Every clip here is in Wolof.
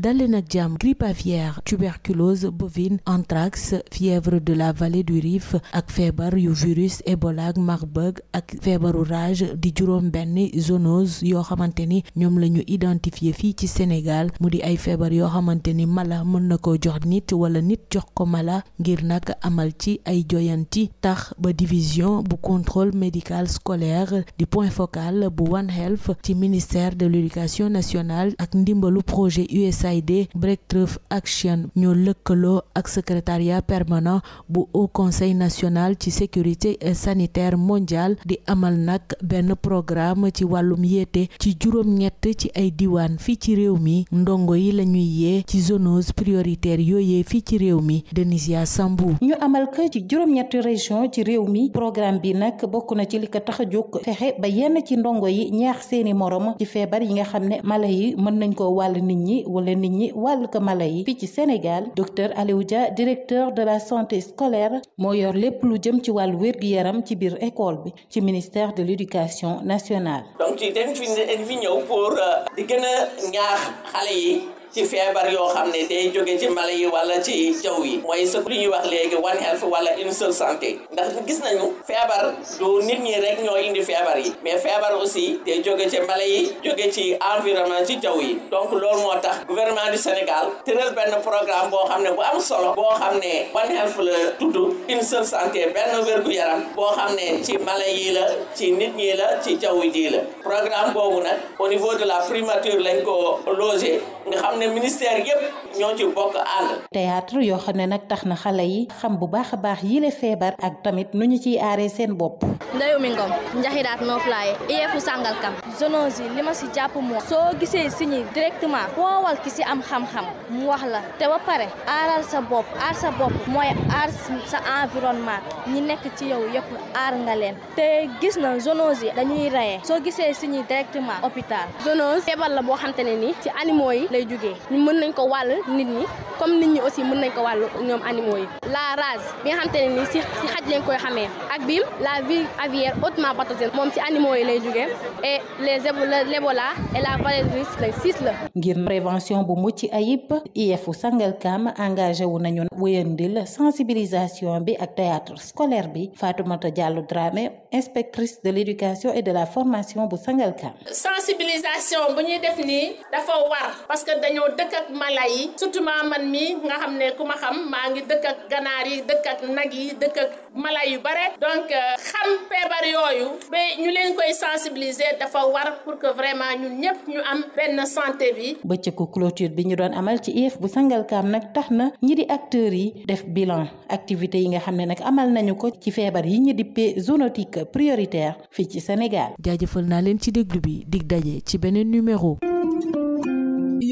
dalee nag jàmm grippe aviaire tuberculose bovine anthrax fièvre de la vallée du Rif ak feebar yu virus Ebola ak Marburg ak feebaru rage di juróom benn zoonose yoo xamante ni ñoom la ñu identifié fii ci Sénégal mu di ay feebar yoo xamante ni mala mën na ko jox nit wala nit jox ko mala ngir nag amal ci ay joyanti tax ba division bu contrôle médical scolaire di point focal bu One Health ci ministère de l'éducation nationale ak ndimbalu projet USA USAID Breakthrough Action ñoo lëkkaloo ak secrétariat permanent bu Haut Conseil national ci sécurité sanitaire mondial di amal nag benn programme ci wàllum yéete ci juróom-ñett ci ay diwaan fii ci réew mi ndongo yi la ñuy yee ci zones prioritaires yooyee fii ci réew mi Denisia Sambou ñu amal ko ci juróom-ñetti région ci réew mi programme bi nag bokk na ci li ko a jóg fexe ba yenn ci ndongo yi ñaax seeni morom ci feebar yi nga xam ne mala yi mën nañ koo wàll nit ñi wàllug mala yi fii ci Sénégal docteur Aliou directeur de la santé scolaire moo yor lépp lu jëm ci wàllu wér-gu-yaram ci biir école bi ci ministère de l'éducation nationale. donc dañ fi dañ ñëw pour euh, di gën a xale yi. ci feebar yoo xam ne day jóge ci mala yi wala ci jaww yi mooy sa lu ñuy wax léegi one health wala une seule santé ndax gis nañu feebar du nit ñi rek ñoo indi feebar yi mais feebar aussi day jóge ci mala yi jóge ci environnement ci jaww yi donc loolu moo tax guvernement du Sénégal tëral benn programme boo xam ne bu am solo boo xam ne one health la tudd une seule santé benn wér-gu-yaram boo xam ne ci mala yii la ci nit ñi la ci jaww ji la programme boobu nag la primature lañ ko logé ne ministère yëpp ñoo ci bokk yoo xam ne nag tax na xale yi xam bu baax a baax yile feebar ak tamit nu ñu ciy aaree seen bopp. Ndeyumi Ngom njaxidaat noo flaye iyeefu sàngal kam zoonose li ma si jàpp moo soo gisee signe directement woowal ki si am xam-xam mu wax la te ba pare aaral sa bopp aar sa bopp mooy aar sa environnement ñi nekk ci yow yëpp aar nga leen te gis na zoonose yi dañuy reyee soo gisee signe directement hôpital zoonose feebar la boo xamante ne nii ci jàppee mën nañ ko wàll nit ñi comme nit ñi aussi mën nañ ko wàll ñoom animaux yi la rage bi nga xamante ne nii si si xaj lañ koy xamee ak biim la vie aviaire hautement pathogène moom ci animaux yi lay jógee et les l'Ebola et la variole la siis la ngir prévention bu mucc ayib IEF Sangalkam engagé wu nañu wéyandil sensibilisation bi ak théâtre scolaire bi Fatoumata jàll Dramé inspectrice de l'éducation et de la formation bu Sangalkam sensibilisation bu ñuy def nii dafa ñëw dëkk ak mala yi surtout ma man mii nga xam ne ku ma xam maa ngi dëkk ak ganaar yi dëkk ak nag yi dëkk ak mala yu bare donc euh, xam feebar yooyu ba ñu leen koy sensibiliser dafa war pour que vraiment ñun ñëpp ñu am benn santé bi. bëccëgu clôture bi ñu doon amal ci IEF bu Sangalkam nag tax na ñi di acteurs yi def bilan activité yi nga xam ne nag amal nañu ko ci feebar yi ñu dippee zoonotique prioritaire fii ci Sénégal. jaajëfal naa leen ci déglu bi dig daje ci beneen numéro.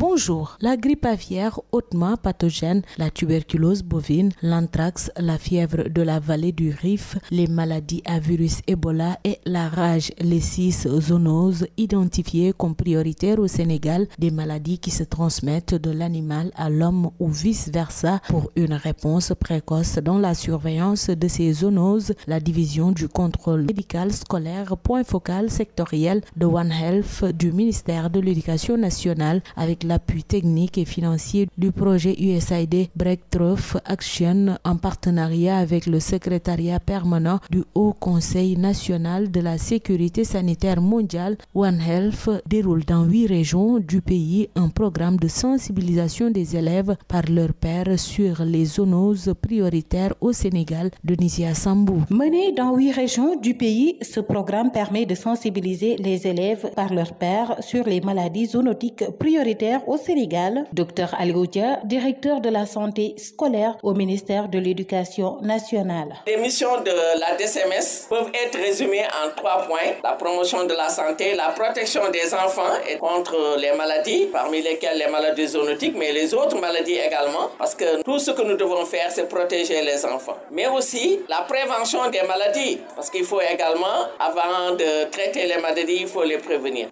Bonjour. La grippe aviaire hautement pathogène, la tuberculose bovine, l'anthrax, la fièvre de la vallée du Rif, les maladies à virus Ebola et la rage, les six zoonoses identifiées comme prioritaires au Sénégal, des maladies qui se transmettent de l'animal à l'homme ou vice-versa. Pour une réponse précoce dans la surveillance de ces zoonoses, la division du contrôle médical scolaire, point focal sectoriel de One Health du ministère de l'Éducation nationale l'appui technique et financier du projet USAID Breakthrough Action en partenariat avec le secrétariat permanent du Haut Conseil national de la sécurité sanitaire mondiale One Health déroule dans huit régions du pays un programme de sensibilisation des élèves par leur père sur les zoonoses prioritaires au Sénégal de Nisia Sambou. Mené dans huit régions du pays, ce programme permet de sensibiliser les élèves par leur père sur les maladies zoonotiques prioritaires scolaire au Sénégal, Dr Alioudia, directeur de la santé scolaire au ministère de l'Éducation nationale. Les missions de la DCMS peuvent être résumées en trois points. La promotion de la santé, la protection des enfants et contre les maladies, parmi lesquelles les maladies zoonotiques, mais les autres maladies également, parce que tout ce que nous devons faire, c'est protéger les enfants. Mais aussi la prévention des maladies, parce qu'il faut également, avant de traiter les maladies,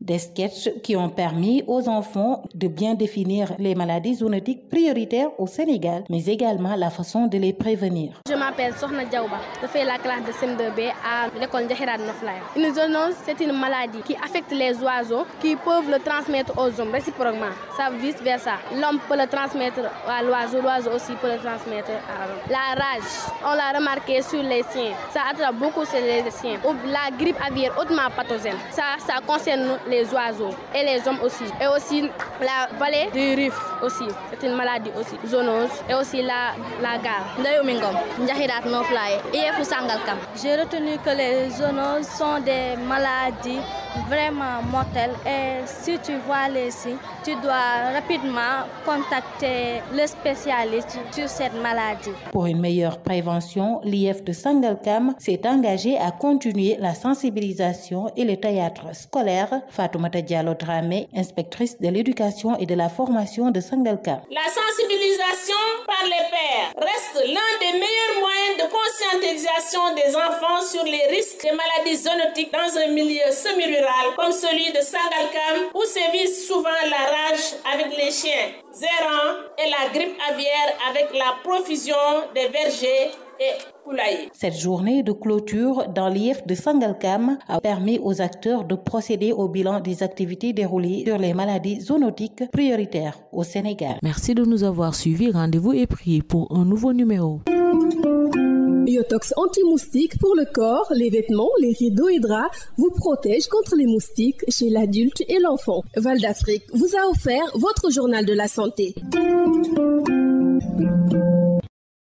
Des sketchs bien définir les maladies zoonotiques prioritaires au Sénégal, mais également la façon de les prévenir. Je m'appelle Sohna Diaouba, je fais la classe de CM2B à l'école Ndjahirad Noflaye. Une zoonose, c'est une maladie qui affecte les oiseaux qui peuvent le transmettre aux hommes réciproquement, La rage, on l'a remarqué sur les siens, ça attrape beaucoup sur les siens. Ou la grippe aviaire hautement pathogène, ça, concerne les oiseaux et les la vallée du Rif. aussi maladie aussi zoonose aussi la la gare ndayumingom njaxiraat nooflaye IEF j'ai retenu que les zoonoses sont des maladies vraiment mortelles et si tu vois les signes tu dois rapidement contacter le spécialiste sur cette maladie pour une meilleure prévention l'IEF de Sangalkam s'est engagé à continuer la sensibilisation et le théâtre scolaire Fatoumata Diallo Dramé inspectrice de l'éducation et de la formation de Sangalkam. La sensibilisation par les pairs reste l'un des meilleurs moyens de conscientisation des enfants sur les risques des maladies zoonotiques dans un milieu semi-rural comme celui de Sangalkam où sévissent souvent la rage avec les chiens, zérans et la grippe aviaire avec la profusion des vergers et poulailler. Cette journée de clôture dans l'IF de Sangalkam a permis aux acteurs de procéder au bilan des activités déroulées sur les maladies zoonotiques prioritaires au Sénégal. Merci de nous avoir suivis. Rendez-vous est pris pour un nouveau numéro. Biotox anti pour le corps, les vêtements, les rideaux et draps vous protège contre les moustiques chez l'adulte et l'enfant. Val d'Afrique vous a offert votre journal de la santé.